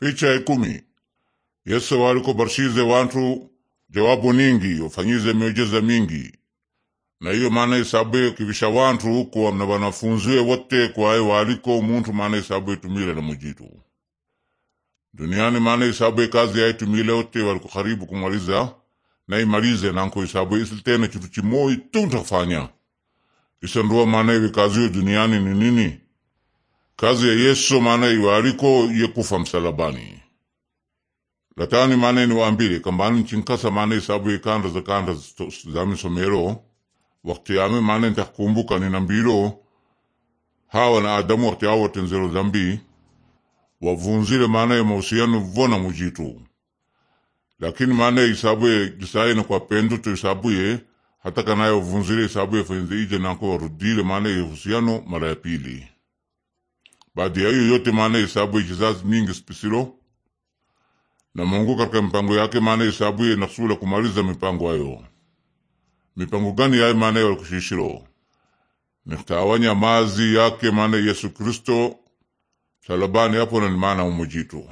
Picha ya ikumi Yesu waliko barshize wantu jawabu ningi wafanyize miujiza mingi na hiyo maana isabu kivisha wantu kuwa na wanafunziwe wote kwaye waliko muntu maana isabu itumile na mujitu duniani maana isabu kazi yaitumile wote waliko karibu kumaliza naimalize nanko isabu isili tena chitu chimoi tu ntakufanya isandua maana iwe kazi yo duniani ni nini kazi ya Yesu maana iwariko yekufa msalabani latani maana niwaambile kambani nchinkasa maana isabu ikanda za kanda za somero wakati yame maana ntakumbuka ninambilo hawa na Adamu wakati hawa watenzero dhambi wavunzile maana ya mahusiano vona mujitu lakini maana isabuye jisaye na kwa pendo to isabuye hata kanaye wavunzile isabuye fenze ije nako warudile maana ya uhusiano mara ya pili baada ya hiyo yote, maana hesabu kizazi mingi spisilo na Mungu katika mipango yake, maana hesabu ye nasula kumaliza mipango ayo. Mipango gani yaye? maana walikushishilo nikutawanya mazi yake, maana Yesu Kristo salabani hapo, na ni maana umujitu